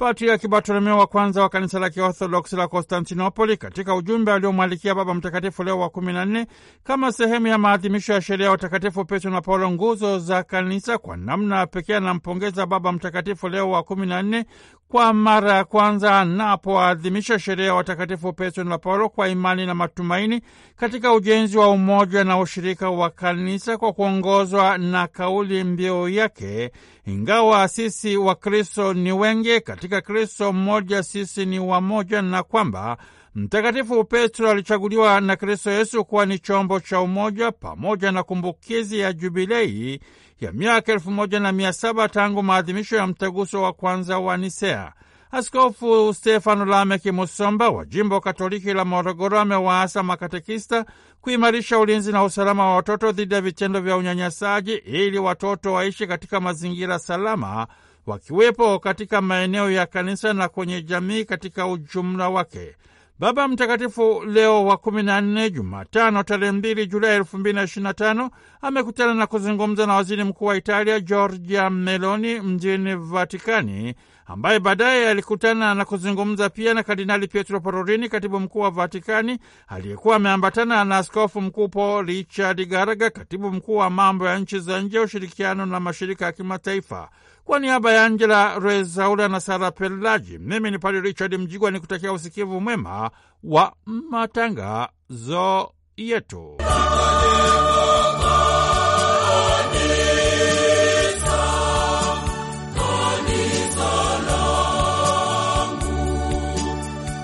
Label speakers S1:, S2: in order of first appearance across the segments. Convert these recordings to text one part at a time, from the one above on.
S1: Patriarki Bartolomeo wa kwanza wa kanisa la Kiorthodoksi la Konstantinopoli katika ujumbe aliomwalikia Baba Mtakatifu Leo wa kumi na nne kama sehemu ya maadhimisho ya sheria ya utakatifu Petro na Paulo, nguzo za kanisa, kwa namna ya pekee anampongeza Baba Mtakatifu Leo wa kumi na nne kwa mara ya kwanza anapoadhimisha sherehe ya watakatifu Petro na Paulo kwa imani na matumaini katika ujenzi wa umoja na ushirika wa kanisa kwa kuongozwa na kauli mbiu yake, ingawa sisi Wakristo ni wengi, katika Kristo mmoja sisi ni wamoja, na kwamba Mtakatifu Petro alichaguliwa na Kristo Yesu kuwa ni chombo cha umoja pamoja na kumbukizi ya jubilei ya miaka elfu moja na mia saba tangu maadhimisho ya mtaguso wa kwanza wa Nisea. Askofu Stefano Lameki Musomba wa jimbo Katoliki la Morogoro amewaasa makatekista kuimarisha ulinzi na usalama wa watoto dhidi ya vitendo vya unyanyasaji ili watoto waishi katika mazingira salama wakiwepo katika maeneo ya kanisa na kwenye jamii katika ujumla wake. Baba Mtakatifu Leo wa 14 Jumatano tarehe 2 Julai 225 amekutana na kuzungumza na waziri mkuu wa Italia Giorgia Meloni mjini Vatikani ambaye baadaye alikutana na kuzungumza pia na Kardinali Pietro Parolin, katibu mkuu wa Vatikani, aliyekuwa ameambatana na askofu mkuu Paul Richard Garaga, katibu mkuu wa mambo ya nchi za nje, ushirikiano na mashirika ya kimataifa. Kwa niaba ya Angela Rezaula na Sara Pelaji, mimi ni Padre Richard Mjigwa ni kutakia usikivu mwema wa matangazo yetu.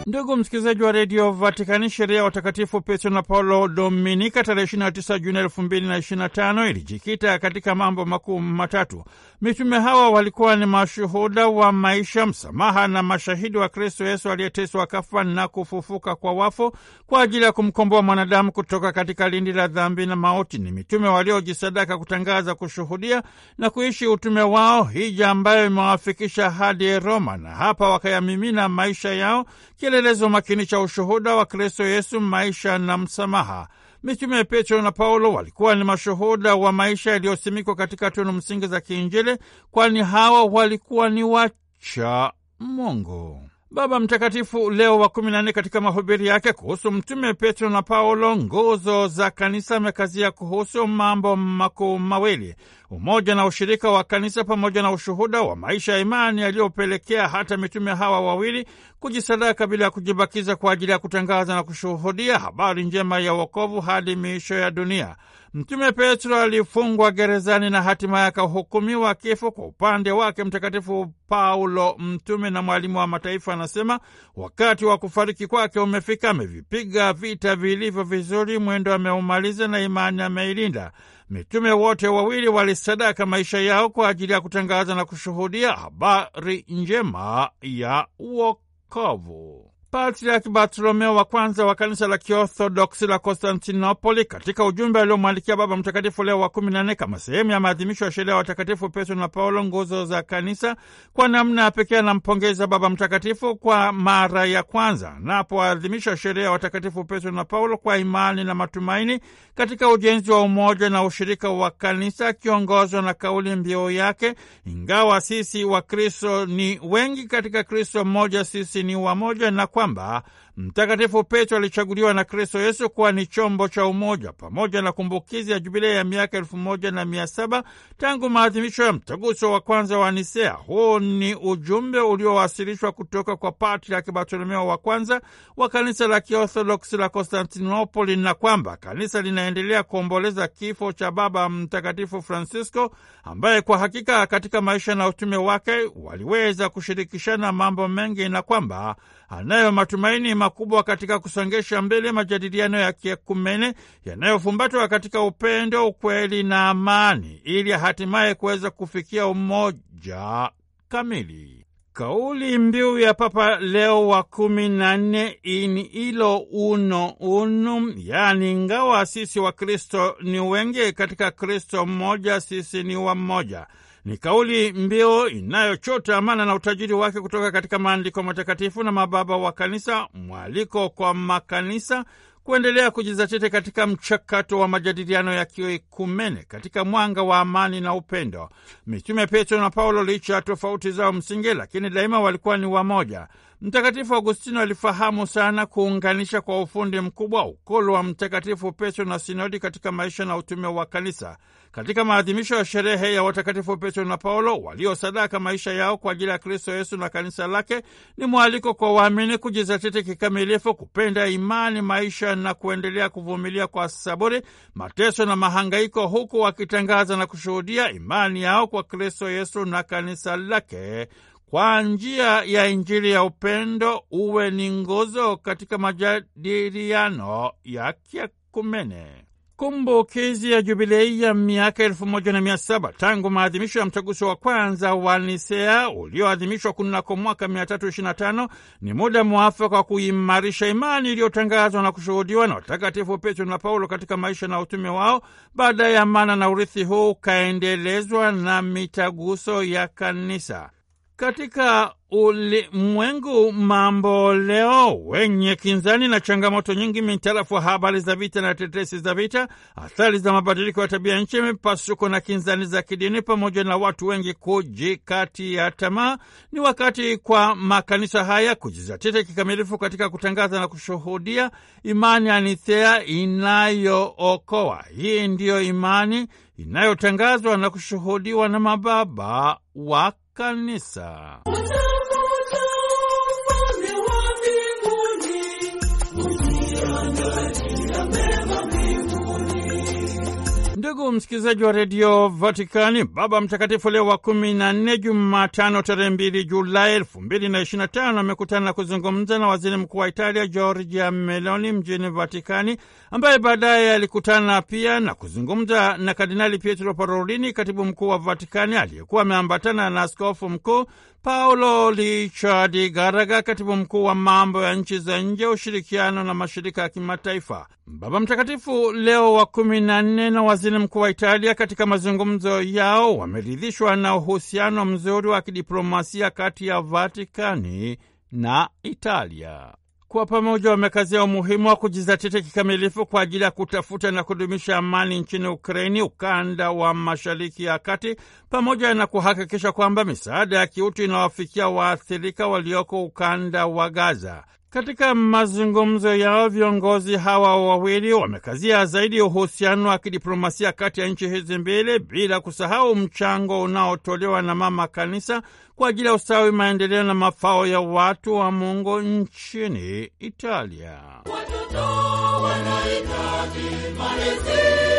S1: Ndugu msikilizaji wa redio Vatikani, sheria ya watakatifu Petro na Paulo Dominika tarehe 29 Juni 2025 ilijikita katika mambo makuu matatu. Mitume hawa walikuwa ni mashuhuda wa maisha, msamaha na mashahidi wa Kristo Yesu aliyeteswa, kafa na kufufuka kwa wafu kwa ajili ya kumkomboa mwanadamu kutoka katika lindi la dhambi na mauti. Ni mitume waliojisadaka kutangaza, kushuhudia na kuishi utume wao, hija ambayo imewafikisha hadi Roma, na hapa wakayamimina maisha yao kile kielelezo makini cha ushuhuda wa Kristo Yesu, maisha na msamaha. Mitume Petro na Paulo walikuwa ni mashuhuda wa maisha yaliyosimikwa katika tunu msingi za kiinjili, kwani hawa walikuwa ni wacha Mungu. Baba Mtakatifu Leo wa kumi na nne katika mahubiri yake kuhusu Mtume Petro na Paulo, nguzo za kanisa, amekazia kuhusu mambo makuu mawili: umoja na ushirika wa kanisa pamoja na ushuhuda wa maisha ya imani yaliyopelekea hata mitume hawa wawili kujisadaka bila ya kujibakiza kwa ajili ya kutangaza na kushuhudia habari njema ya wokovu hadi miisho ya dunia. Mtume Petro alifungwa gerezani na hatimaye akahukumiwa kifo. Kwa upande wake, Mtakatifu Paulo mtume na mwalimu wa mataifa anasema wakati wa kufariki kwake umefika. Amevipiga vita vilivyo vizuri, mwendo ameumaliza na imani ameilinda. Mitume wote wawili walisadaka maisha yao kwa ajili ya kutangaza na kushuhudia habari njema ya uokovu. Patriarch Bartolomeo wa kwanza wa kanisa la Kiorthodoksi la Konstantinopoli katika ujumbe aliomwandikia Baba Mtakatifu Leo wa kumi na nne kama sehemu ya maadhimisho ya sherehe ya watakatifu Petro na Paulo, nguzo za kanisa, kwa namna ya pekee anampongeza Baba Mtakatifu kwa mara ya kwanza anapoadhimisha sherehe ya watakatifu Petro na Paulo kwa imani na matumaini katika ujenzi wa umoja na ushirika wa kanisa, akiongozwa na kauli mbiu yake, ingawa sisi wakristo ni wengi, katika Kristo mmoja sisi ni wamoja na kwamba Mtakatifu Petro alichaguliwa na Kristo Yesu kuwa ni chombo cha umoja. Pamoja na kumbukizi ya jubilei ya miaka elfu moja na mia saba tangu maadhimisho ya mtaguso wa kwanza wa Nisea. Huu ni ujumbe uliowasilishwa kutoka kwa Patriaki Bartolomeo wa kwanza wa kanisa la Kiorthodoksi la Konstantinopoli, na kwamba kanisa linaendelea kuomboleza kifo cha Baba Mtakatifu Francisco, ambaye kwa hakika katika maisha na utume wake waliweza kushirikishana mambo mengi, na kwamba anayo matumaini makubwa katika kusongesha mbele majadiliano ya kiekumene yanayofumbatwa katika upendo, ukweli na amani, ili hatimaye kuweza kufikia umoja kamili. Kauli mbiu ya Papa Leo wa kumi na nne in ilo uno unum, yaani ingawa sisi Kristo ni wengi, katika Kristo mmoja sisi ni wa mmoja ni kauli mbiu inayochota amana na utajiri wake kutoka katika maandiko matakatifu na mababa wa kanisa, mwaliko kwa makanisa kuendelea kujizatiti katika mchakato wa majadiliano ya kioikumene katika mwanga wa amani na upendo. Mitume Petro na Paulo, licha ya tofauti zao msingi, lakini daima walikuwa ni wamoja. Mtakatifu Agustino alifahamu sana kuunganisha kwa ufundi mkubwa ukolo wa Mtakatifu Petro na sinodi katika maisha na utume wa Kanisa. Katika maadhimisho ya sherehe ya watakatifu Petro na Paulo waliosadaka maisha yao kwa ajili ya Kristo Yesu na kanisa lake, ni mwaliko kwa waamini kujizatiti kikamilifu kupenda imani, maisha na kuendelea kuvumilia kwa saburi mateso na mahangaiko, huku wakitangaza na kushuhudia imani yao kwa Kristo Yesu na kanisa lake kwa njia ya Injili ya upendo. Uwe ni nguzo katika majadiliano ya kiekumene kumbukizi ya jubilei ya miaka elfu moja na mia saba tangu maadhimisho ya mtaguso wa kwanza wa Nisea ulioadhimishwa kunako mwaka 325 ni muda mwafaka wa kuimarisha imani iliyotangazwa na kushuhudiwa na watakatifu Petro na Paulo katika maisha na utume wao. Baada ya mana na urithi huu ukaendelezwa na mitaguso ya Kanisa katika ulimwengu mamboleo wenye kinzani na changamoto nyingi mitarafu habari za vita na tetesi za vita, athari za mabadiliko ya tabia nchi, mipasuko na kinzani za kidini, pamoja na watu wengi kujikati ya tamaa, ni wakati kwa makanisa haya kujizatiti kikamilifu katika kutangaza na kushuhudia imani anithea inayookoa. Hii ndiyo imani inayotangazwa na kushuhudiwa na mababa wa Kanisa. Ndugu msikilizaji wa redio Vatikani, Baba Mtakatifu Leo wa kumi na nne, Jumatano tarehe mbili Julai elfu mbili na ishirini na tano amekutana na kuzungumza na waziri mkuu wa Italia Giorgia Meloni mjini Vatikani, ambaye baadaye alikutana pia na kuzungumza na Kardinali Pietro Parolini, katibu mkuu wa Vatikani, aliyekuwa ameambatana na askofu mkuu Paulo Richard Garaga, katibu mkuu wa mambo ya nchi za nje, ushirikiano na mashirika ya kimataifa. Baba Mtakatifu Leo wa kumi na nne na waziri mkuu wa Italia katika mazungumzo yao wameridhishwa na uhusiano mzuri wa kidiplomasia kati ya Vatikani na Italia. Kwa pamoja wamekazia umuhimu wa kujizatiti kikamilifu kwa ajili ya kutafuta na kudumisha amani nchini Ukraini, ukanda wa mashariki ya kati, pamoja na kuhakikisha kwamba misaada ya kiutu inawafikia waathirika walioko ukanda wa Gaza. Katika mazungumzo yao viongozi hawa wawili wamekazia zaidi uhusiano wa kidiplomasia kati ya nchi hizi mbili, bila kusahau mchango unaotolewa na mama kanisa kwa ajili ya ustawi, maendeleo na mafao ya watu wa Mungu nchini Italia. Watoto wanahitaji
S2: malezi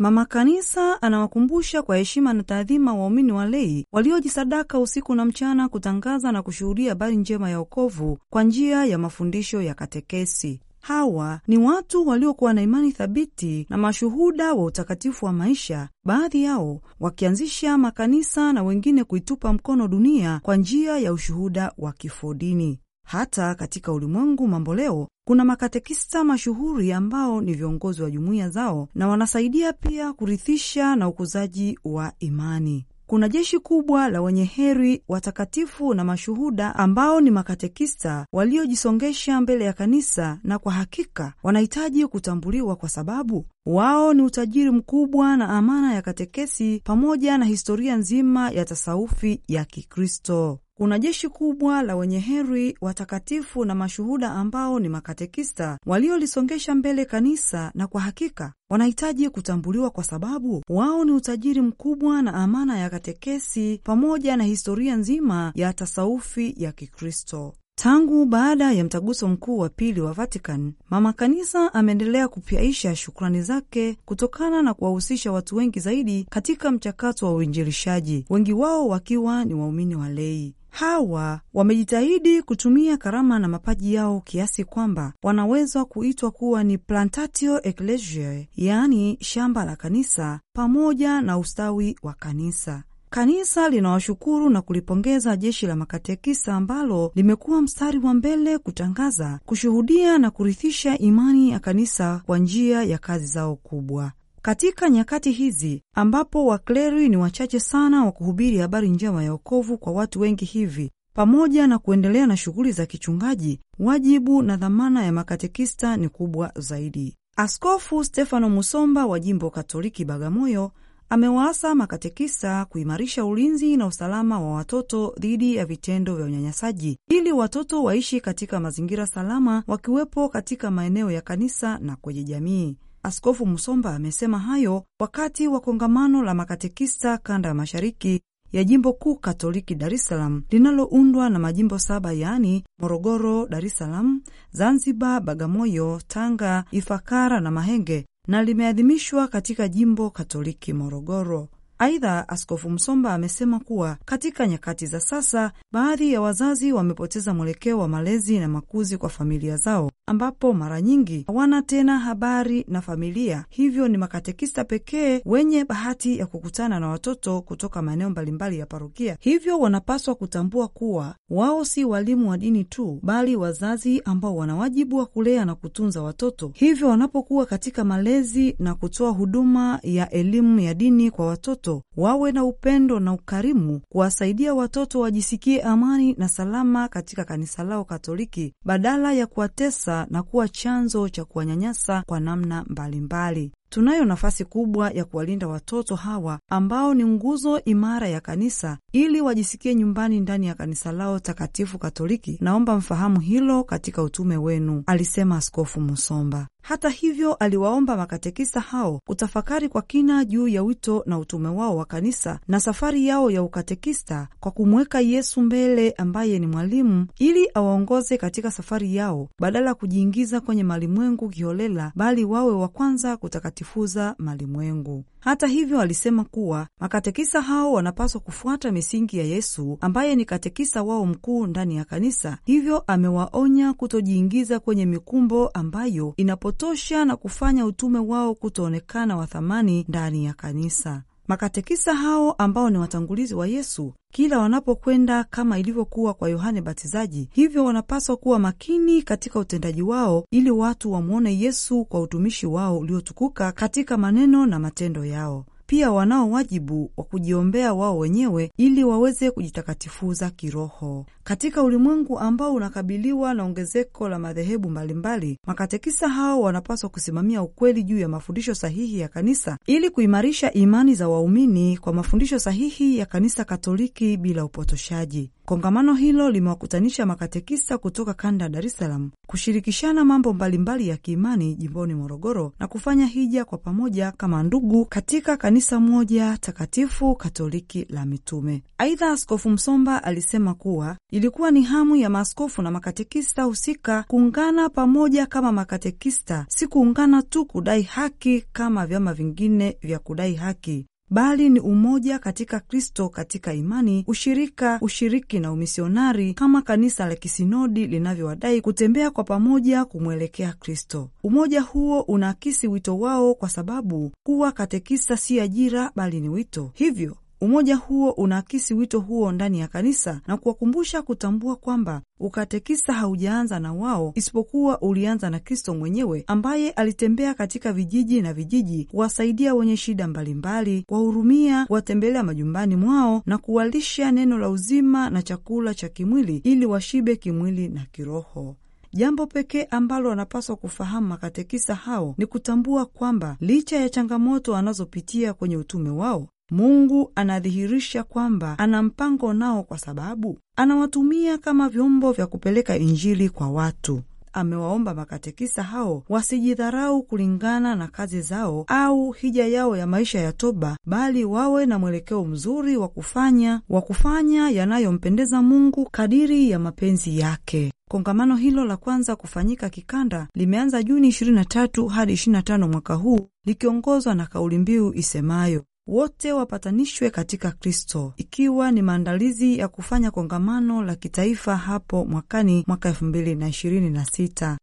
S3: Mama Kanisa anawakumbusha kwa heshima na taadhima waumini wa lei waliojisadaka usiku na mchana kutangaza na kushuhudia habari njema ya wokovu kwa njia ya mafundisho ya katekesi. Hawa ni watu waliokuwa na imani thabiti na mashuhuda wa utakatifu wa maisha, baadhi yao wakianzisha makanisa na wengine kuitupa mkono dunia kwa njia ya ushuhuda wa kifodini. Hata katika ulimwengu mambo leo kuna makatekista mashuhuri ambao ni viongozi wa jumuiya zao na wanasaidia pia kurithisha na ukuzaji wa imani. Kuna jeshi kubwa la wenye heri watakatifu na mashuhuda ambao ni makatekista waliojisongesha mbele ya kanisa, na kwa hakika wanahitaji kutambuliwa kwa sababu wao ni utajiri mkubwa na amana ya katekesi pamoja na historia nzima ya tasaufi ya Kikristo kuna jeshi kubwa la wenye heri watakatifu na mashuhuda ambao ni makatekista waliolisongesha mbele kanisa, na kwa hakika wanahitaji kutambuliwa kwa sababu wao ni utajiri mkubwa na amana ya katekesi pamoja na historia nzima ya tasaufi ya Kikristo. Tangu baada ya mtaguso mkuu wa pili wa Vatican, mama kanisa ameendelea kupyaisha shukrani zake kutokana na kuwahusisha watu wengi zaidi katika mchakato wa uinjilishaji, wengi wao wakiwa ni waumini wa lei. Hawa wamejitahidi kutumia karama na mapaji yao kiasi kwamba wanaweza kuitwa kuwa ni plantatio ecclesiae, yaani shamba la kanisa pamoja na ustawi wa kanisa. Kanisa linawashukuru na kulipongeza jeshi la makatekisa ambalo limekuwa mstari wa mbele kutangaza, kushuhudia na kurithisha imani ya kanisa kwa njia ya kazi zao kubwa. Katika nyakati hizi ambapo wakleri ni wachache sana wa kuhubiri habari njema ya wokovu kwa watu wengi hivi, pamoja na kuendelea na shughuli za kichungaji, wajibu na dhamana ya makatekista ni kubwa zaidi. Askofu Stefano Musomba wa jimbo Katoliki Bagamoyo amewaasa makatekista kuimarisha ulinzi na usalama wa watoto dhidi ya vitendo vya unyanyasaji ili watoto waishi katika mazingira salama, wakiwepo katika maeneo ya kanisa na kwenye jamii. Askofu Musomba amesema hayo wakati wa kongamano la makatekista kanda ya mashariki ya jimbo kuu Katoliki Dar es Salaam linaloundwa na majimbo saba yaani Morogoro, Dar es Salaam, Zanzibar, Bagamoyo, Tanga, Ifakara na Mahenge na limeadhimishwa katika jimbo Katoliki Morogoro. Aidha, Askofu Msomba amesema kuwa katika nyakati za sasa baadhi ya wazazi wamepoteza mwelekeo wa malezi na makuzi kwa familia zao ambapo mara nyingi hawana tena habari na familia, hivyo ni makatekista pekee wenye bahati ya kukutana na watoto kutoka maeneo mbalimbali ya parokia. Hivyo wanapaswa kutambua kuwa wao si walimu wa dini tu, bali wazazi ambao wana wajibu wa kulea na kutunza watoto. Hivyo wanapokuwa katika malezi na kutoa huduma ya elimu ya dini kwa watoto, wawe na upendo na ukarimu kuwasaidia watoto wajisikie amani na salama katika kanisa lao Katoliki badala ya kuwatesa na kuwa chanzo cha kuwanyanyasa kwa namna mbalimbali. Tunayo nafasi kubwa ya kuwalinda watoto hawa ambao ni nguzo imara ya kanisa ili wajisikie nyumbani ndani ya kanisa lao takatifu Katoliki. Naomba mfahamu hilo katika utume wenu, alisema Askofu Musomba. Hata hivyo, aliwaomba makatekista hao kutafakari kwa kina juu ya wito na utume wao wa kanisa na safari yao ya ukatekista kwa kumweka Yesu mbele, ambaye ni mwalimu, ili awaongoze katika safari yao, badala ya kujiingiza kwenye malimwengu kiholela, bali wawe wa kwanza kutakatifu kuwatifuza malimwengu. Hata hivyo, alisema kuwa makatekisa hao wanapaswa kufuata misingi ya Yesu ambaye ni katekisa wao mkuu ndani ya kanisa. Hivyo amewaonya kutojiingiza kwenye mikumbo ambayo inapotosha na kufanya utume wao kutoonekana wa thamani ndani ya kanisa. Makatekisa hao ambao ni watangulizi wa Yesu kila wanapokwenda kama ilivyokuwa kwa Yohane Batizaji, hivyo wanapaswa kuwa makini katika utendaji wao ili watu wamwone Yesu kwa utumishi wao uliotukuka katika maneno na matendo yao. Pia wanao wajibu wa kujiombea wao wenyewe ili waweze kujitakatifuza kiroho. Katika ulimwengu ambao unakabiliwa na ongezeko la madhehebu mbalimbali, makatekisa hao wanapaswa kusimamia ukweli juu ya mafundisho sahihi ya kanisa ili kuimarisha imani za waumini kwa mafundisho sahihi ya kanisa Katoliki bila upotoshaji. Kongamano hilo limewakutanisha makatekisa kutoka kanda ya Dar es Salaam kushirikishana mambo mbalimbali ya kiimani jimboni Morogoro na kufanya hija kwa pamoja kama ndugu katika kanisa moja takatifu Katoliki la Mitume. Aidha, Askofu Msomba alisema kuwa Ilikuwa ni hamu ya maaskofu na makatekista husika kuungana pamoja kama makatekista, si kuungana tu kudai haki kama vyama vingine vya kudai haki bali ni umoja katika Kristo katika imani, ushirika, ushiriki na umisionari kama kanisa la kisinodi linavyowadai kutembea kwa pamoja kumwelekea Kristo. Umoja huo unaakisi wito wao, kwa sababu kuwa katekista si ajira, bali ni wito. Hivyo Umoja huo unaakisi wito huo ndani ya kanisa na kuwakumbusha kutambua kwamba ukatekisa haujaanza na wao, isipokuwa ulianza na Kristo mwenyewe ambaye alitembea katika vijiji na vijiji kuwasaidia wenye shida mbalimbali, kuwahurumia, kuwatembelea majumbani mwao na kuwalisha neno la uzima na chakula cha kimwili ili washibe kimwili na kiroho. Jambo pekee ambalo wanapaswa kufahamu makatekisa hao ni kutambua kwamba licha ya changamoto wanazopitia kwenye utume wao, Mungu anadhihirisha kwamba ana mpango nao kwa sababu anawatumia kama vyombo vya kupeleka Injili kwa watu. Amewaomba makatekisa hao wasijidharau kulingana na kazi zao au hija yao ya maisha ya toba, bali wawe na mwelekeo mzuri wa kufanya wa kufanya yanayompendeza Mungu kadiri ya mapenzi yake. Kongamano hilo la kwanza kufanyika kikanda limeanza Juni 23 hadi 25 mwaka huu likiongozwa na kauli mbiu isemayo wote wapatanishwe katika Kristo, ikiwa ni maandalizi ya kufanya kongamano la kitaifa hapo mwakani mwaka elfu mbili na ishirini na sita.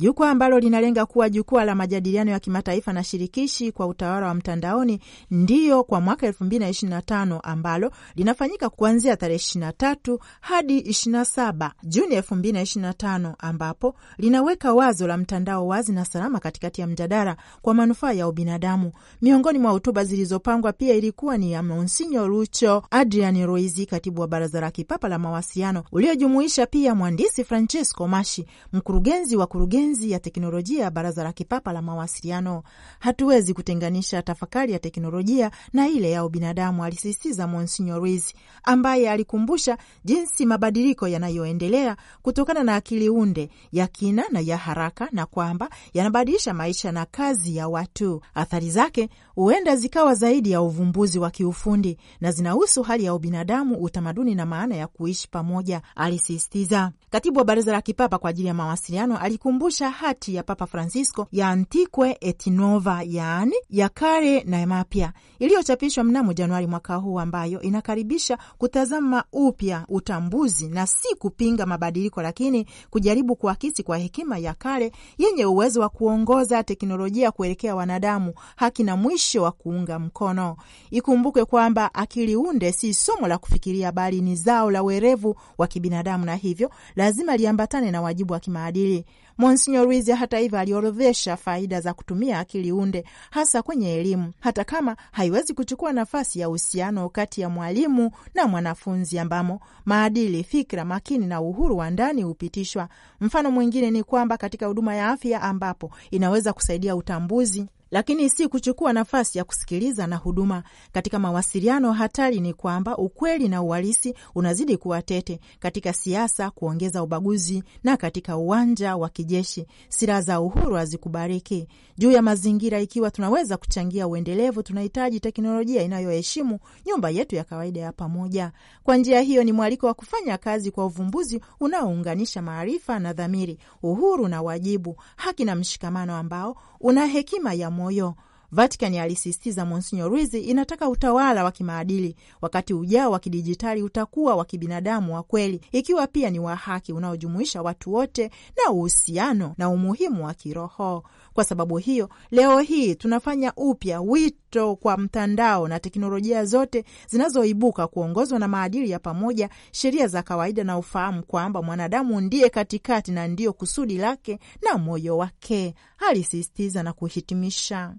S4: jukwaa ambalo linalenga kuwa jukwaa la majadiliano ya kimataifa na shirikishi kwa utawala wa mtandaoni ndiyo kwa mwaka elfu mbili na na tano ambalo linafanyika kuanzia tarehe ishirini na tatu hadi ishirini na saba Juni elfu mbili na na tano ambapo linaweka wazo la mtandao wazi na salama katikati ya mjadala kwa manufaa ya ubinadamu. Miongoni mwa hotuba zilizopangwa pia ilikuwa ni ya Monsinyo Lucho Adrian Roizi, katibu wa Baraza la Kipapa la Mawasiliano, uliojumuisha pia mwandisi Francesco Mashi, mkurugenzi wa kurugenzi enzi ya teknolojia ya Baraza la Kipapa la Mawasiliano. Hatuwezi kutenganisha tafakari ya teknolojia na ile ya ubinadamu, alisisitiza Monsignor Ruiz, ambaye alikumbusha jinsi mabadiliko yanayoendelea kutokana na akili unde ya kina na ya haraka na kwamba yanabadilisha maisha na kazi ya watu. Athari zake huenda zikawa zaidi ya uvumbuzi wa kiufundi na zinahusu hali ya ubinadamu, utamaduni na maana ya kuishi pamoja, alisisitiza katibu wa Baraza la Kipapa kwa ajili ya Mawasiliano. Alikumbusha kuonyesha hati ya Papa Francisco ya Antique et Nova, yaani ya kale na mapya, iliyochapishwa mnamo Januari mwaka huu, ambayo inakaribisha kutazama upya utambuzi na si kupinga mabadiliko, lakini kujaribu kuakisi kwa hekima ya kale yenye uwezo wa kuongoza teknolojia kuelekea wanadamu, haki na mwisho wa kuunga mkono. Ikumbuke kwamba akili unde si somo la kufikiria, bali ni zao la uerevu wa kibinadamu, na hivyo lazima liambatane na wajibu wa kimaadili. Monsignor Rhizia hata hivyo aliorodhesha faida za kutumia akili unde hasa kwenye elimu, hata kama haiwezi kuchukua nafasi ya uhusiano kati ya mwalimu na mwanafunzi, ambamo maadili, fikra makini na uhuru wa ndani hupitishwa. Mfano mwingine ni kwamba katika huduma ya afya, ambapo inaweza kusaidia utambuzi lakini si kuchukua nafasi ya kusikiliza na huduma. Katika mawasiliano, hatari ni kwamba ukweli na uhalisi unazidi kuwa tete, katika siasa kuongeza ubaguzi, na katika uwanja wa kijeshi silaha za uhuru hazikubariki. Juu ya mazingira, ikiwa tunaweza kuchangia uendelevu, tunahitaji teknolojia inayoheshimu nyumba yetu ya kawaida ya pamoja. Kwa njia hiyo, ni mwaliko wa kufanya kazi kwa uvumbuzi unaounganisha maarifa na dhamiri, uhuru na wajibu, haki na mshikamano, ambao una hekima ya 没有。Vatican alisisitiza Monsinyo Rwizi inataka utawala wa kimaadili wakati ujao wa kidijitali utakuwa wa kibinadamu wa kweli, ikiwa pia ni wa haki unaojumuisha watu wote na uhusiano na umuhimu wa kiroho. Kwa sababu hiyo, leo hii tunafanya upya wito kwa mtandao na teknolojia zote zinazoibuka kuongozwa na maadili ya pamoja, sheria za kawaida na ufahamu kwamba mwanadamu ndiye katikati na ndiyo kusudi lake na moyo wake, alisisitiza na kuhitimisha.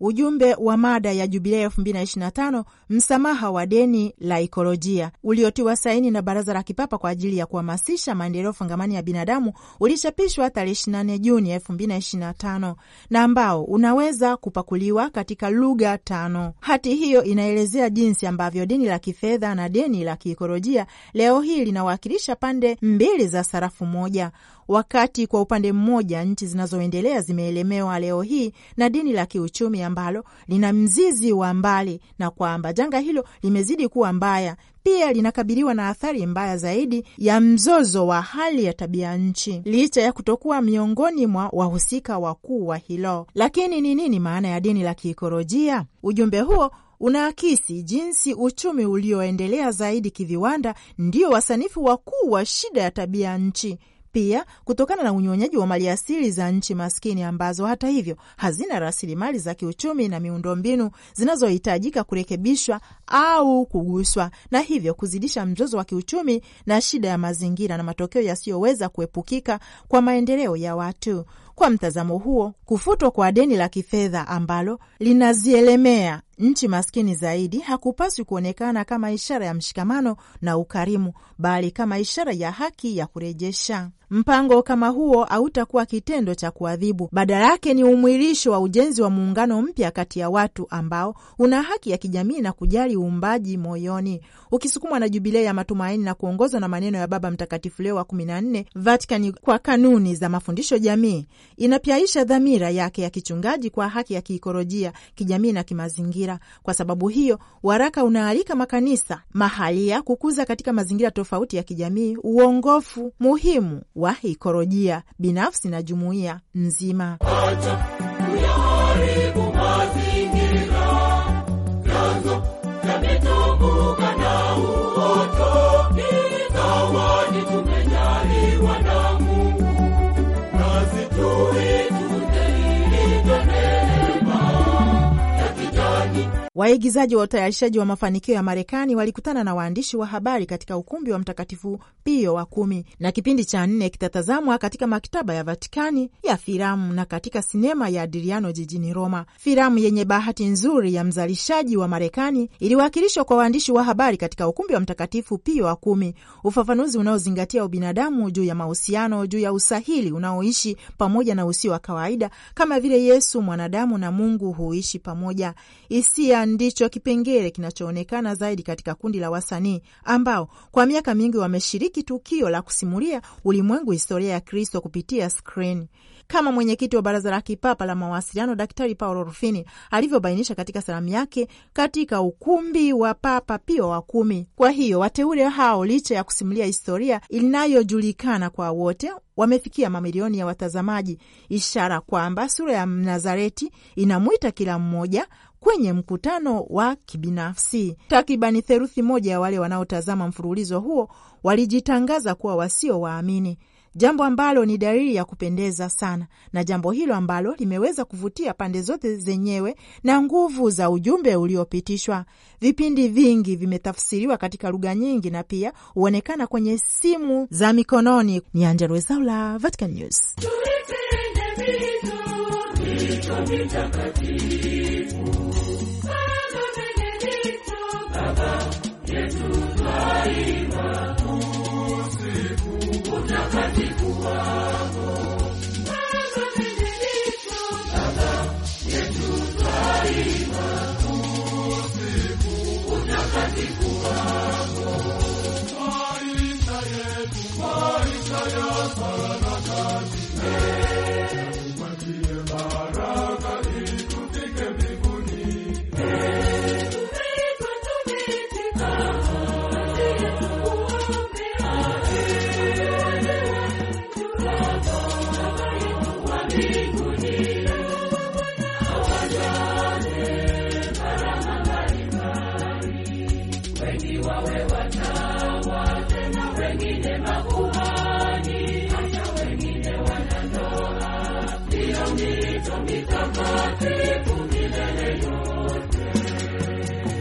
S4: Ujumbe wa mada ya Jubilei 2025 msamaha wa deni la ikolojia uliotiwa saini na Baraza la Kipapa kwa ajili ya kuhamasisha maendeleo fungamani ya binadamu ulichapishwa tarehe 24 Juni 2025 na ambao unaweza kupakuliwa katika lugha tano. Hati hiyo inaelezea jinsi ambavyo deni la kifedha na deni la kiikolojia leo hii linawakilisha pande mbili za sarafu moja. Wakati kwa upande mmoja nchi zinazoendelea zimeelemewa leo hii na deni la kiuchumi ambalo lina mzizi wa mbali na kwamba janga hilo limezidi kuwa mbaya. Pia linakabiliwa na athari mbaya zaidi ya mzozo wa hali ya tabia nchi, licha ya kutokuwa miongoni mwa wahusika wakuu wa hilo. Lakini ni nini maana ya dini la kiikolojia? Ujumbe huo unaakisi jinsi uchumi ulioendelea zaidi kiviwanda ndio wasanifu wakuu wa shida ya tabia nchi pia kutokana na unyonyaji wa maliasili za nchi maskini ambazo hata hivyo hazina rasilimali za kiuchumi na miundombinu zinazohitajika kurekebishwa au kuguswa, na hivyo kuzidisha mzozo wa kiuchumi na shida ya mazingira na matokeo yasiyoweza kuepukika kwa maendeleo ya watu. Kwa mtazamo huo, kufutwa kwa deni la kifedha ambalo linazielemea Nchi maskini zaidi hakupaswi kuonekana kama ishara ya mshikamano na ukarimu, bali kama ishara ya haki ya kurejesha. Mpango kama huo hautakuwa kitendo cha kuadhibu. Badala yake ni umwilisho wa ujenzi wa muungano mpya kati ya watu ambao una haki ya kijamii na kujali uumbaji moyoni. Ukisukumwa na jubilei ya matumaini na kuongozwa na maneno ya Baba Mtakatifu Leo wa kumi na nne, Vatikani kwa kanuni za mafundisho jamii inapyaisha dhamira yake ya kichungaji kwa haki ya kiikolojia, kijamii na kimazingira mazingira. Kwa sababu hiyo, waraka unaalika makanisa mahalia kukuza katika mazingira tofauti ya kijamii uongofu muhimu wa ikolojia binafsi na jumuiya nzima Acha, Waigizaji wa utayarishaji wa mafanikio ya Marekani walikutana na waandishi wa habari katika ukumbi wa Mtakatifu Pio wa kumi, na kipindi cha nne kitatazamwa katika maktaba ya Vatikani ya filamu na katika sinema ya Adriano jijini Roma. Filamu yenye bahati nzuri ya mzalishaji wa Marekani iliwakilishwa kwa waandishi wa habari katika ukumbi wa Mtakatifu Pio wa kumi, ufafanuzi unaozingatia ubinadamu juu ya mahusiano, juu ya usahili unaoishi pamoja na usio wa kawaida, kama vile Yesu mwanadamu na Mungu huishi pamoja, hisia ndicho kipengele kinachoonekana zaidi katika kundi la wasanii ambao kwa miaka mingi wameshiriki tukio la kusimulia ulimwengu historia ya Kristo kupitia skrini. Kama mwenyekiti wa Baraza la Kipapa la Mawasiliano, Daktari Paolo Rufini alivyobainisha katika salamu yake katika ukumbi wa Papa Pio wa Kumi. Kwa hiyo wateule hao, licha ya kusimulia historia inayojulikana kwa wote, wamefikia mamilioni ya watazamaji, ishara kwamba sura ya Mnazareti inamwita kila mmoja kwenye mkutano wa kibinafsi. Takribani theluthi moja ya wale wanaotazama mfululizo huo walijitangaza kuwa wasio waamini, jambo ambalo ni dalili ya kupendeza sana, na jambo hilo ambalo limeweza kuvutia pande zote zenyewe na nguvu za ujumbe uliopitishwa. Vipindi vingi vimetafsiriwa katika lugha nyingi na pia huonekana kwenye simu za mikononi. Ni Angella Rwezaula, Vatican News.
S2: Yesu twaimba usiku utakatifu wako.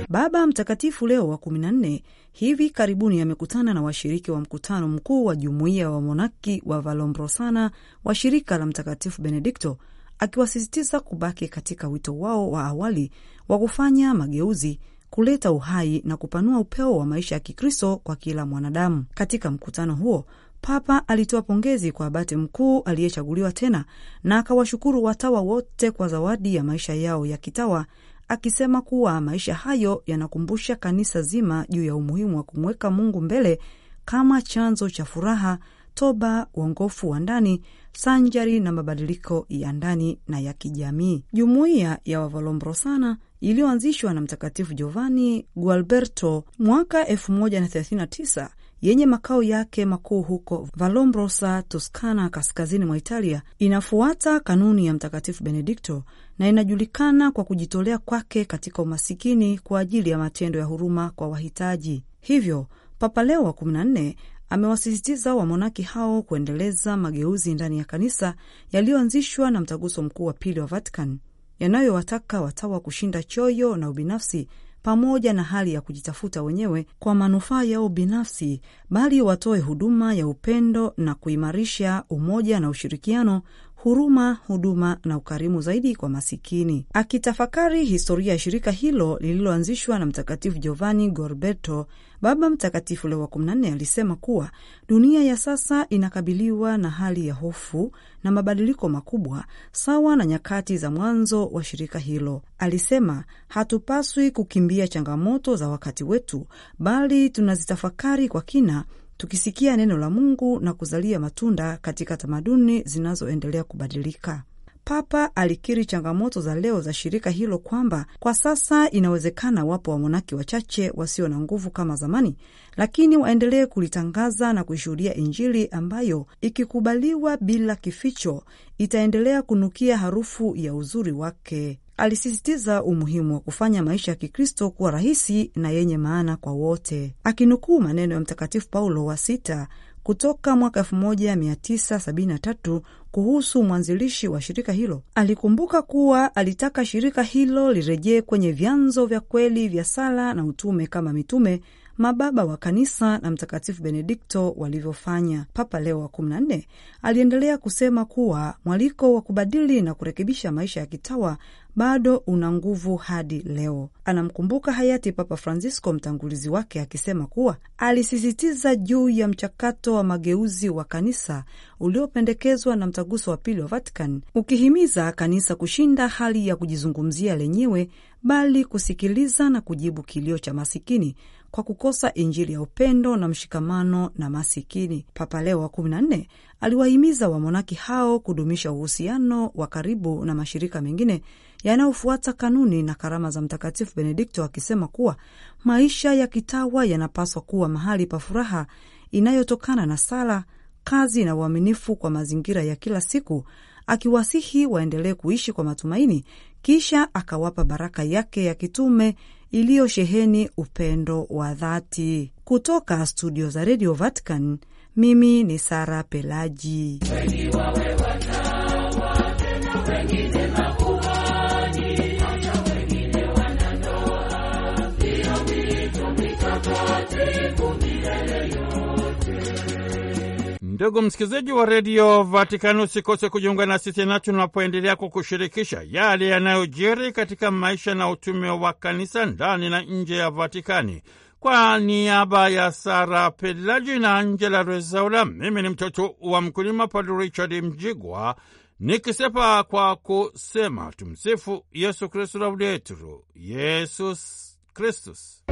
S3: Baba Mtakatifu Leo wa 14 hivi karibuni amekutana na washiriki wa mkutano mkuu wa jumuiya wa monaki wa Valombrosana wa shirika la Mtakatifu Benedikto, akiwasisitiza kubaki katika wito wao wa awali wa kufanya mageuzi, kuleta uhai na kupanua upeo wa maisha ya Kikristo kwa kila mwanadamu. Katika mkutano huo Papa alitoa pongezi kwa abate mkuu aliyechaguliwa tena na akawashukuru watawa wote kwa zawadi ya maisha yao ya kitawa, akisema kuwa maisha hayo yanakumbusha kanisa zima juu ya umuhimu wa kumweka Mungu mbele kama chanzo cha furaha, toba, uongofu wa ndani sanjari na mabadiliko ya ndani na ya kijamii. Jumuiya ya Wavalombrosana iliyoanzishwa na Mtakatifu Giovanni Gualberto mwaka 1039 yenye makao yake makuu huko valombrosa Toscana, kaskazini mwa Italia, inafuata kanuni ya Mtakatifu Benedikto na inajulikana kwa kujitolea kwake katika umasikini kwa ajili ya matendo ya huruma kwa wahitaji. Hivyo Papa Leo wa 14 amewasisitiza wamonaki hao kuendeleza mageuzi ndani ya kanisa yaliyoanzishwa na mtaguso mkuu wa pili wa Vatican yanayowataka watawa kushinda choyo na ubinafsi pamoja na hali ya kujitafuta wenyewe kwa manufaa yao binafsi, bali watoe huduma ya upendo na kuimarisha umoja na ushirikiano huruma, huduma na ukarimu zaidi kwa masikini. Akitafakari historia ya shirika hilo lililoanzishwa na Mtakatifu Giovanni Gorbeto Baba Mtakatifu Leo wa 14 alisema kuwa dunia ya sasa inakabiliwa na hali ya hofu na mabadiliko makubwa sawa na nyakati za mwanzo wa shirika hilo. Alisema, hatupaswi kukimbia changamoto za wakati wetu, bali tunazitafakari kwa kina tukisikia neno la Mungu na kuzalia matunda katika tamaduni zinazoendelea kubadilika. Papa alikiri changamoto za leo za shirika hilo kwamba kwa sasa inawezekana wapo wamonaki wachache wasio na nguvu kama zamani, lakini waendelee kulitangaza na kuishuhudia Injili ambayo ikikubaliwa bila kificho itaendelea kunukia harufu ya uzuri wake. Alisisitiza umuhimu wa kufanya maisha ya Kikristo kuwa rahisi na yenye maana kwa wote, akinukuu maneno ya Mtakatifu Paulo wa Sita kutoka mwaka 1973 kuhusu mwanzilishi wa shirika hilo. Alikumbuka kuwa alitaka shirika hilo lirejee kwenye vyanzo vya kweli vya sala na utume kama mitume mababa wa kanisa na Mtakatifu Benedikto walivyofanya. Papa Leo wa 14 aliendelea kusema kuwa mwaliko wa kubadili na kurekebisha maisha ya kitawa bado una nguvu hadi leo. Anamkumbuka hayati Papa Francisco mtangulizi wake akisema kuwa alisisitiza juu ya mchakato wa mageuzi wa kanisa uliopendekezwa na mtaguso wa pili wa Vatican, ukihimiza kanisa kushinda hali ya kujizungumzia lenyewe, bali kusikiliza na kujibu kilio cha masikini kwa kukosa Injili ya upendo na mshikamano na masikini. Papa Leo wa kumi na nne aliwahimiza wamonaki hao kudumisha uhusiano wa karibu na mashirika mengine yanayofuata kanuni na karama za Mtakatifu Benedikto, akisema kuwa maisha ya kitawa yanapaswa kuwa mahali pa furaha inayotokana na sala, kazi na uaminifu kwa mazingira ya kila siku, akiwasihi waendelee kuishi kwa matumaini. Kisha akawapa baraka yake ya kitume iliyosheheni upendo wa dhati. Kutoka studio za Radio Vatican, mimi ni Sara Pelaji. Wengi
S2: wawe watawa, tena wengine tena
S1: Ndugu msikilizaji wa redio Vatikani, usikose kujiunga sisi na tunapoendelea kukushirikisha yale yanayojiri katika maisha na utume wa kanisa ndani na nje ya Vatikani. Kwa niaba ya Sara Pelaji na Angela Rezaula, mimi ni mtoto wa mkulima Padre Richard Mjigwa nikisepa kwa kusema tumsifu Yesu Kristu, laudetur Yesus Kristus.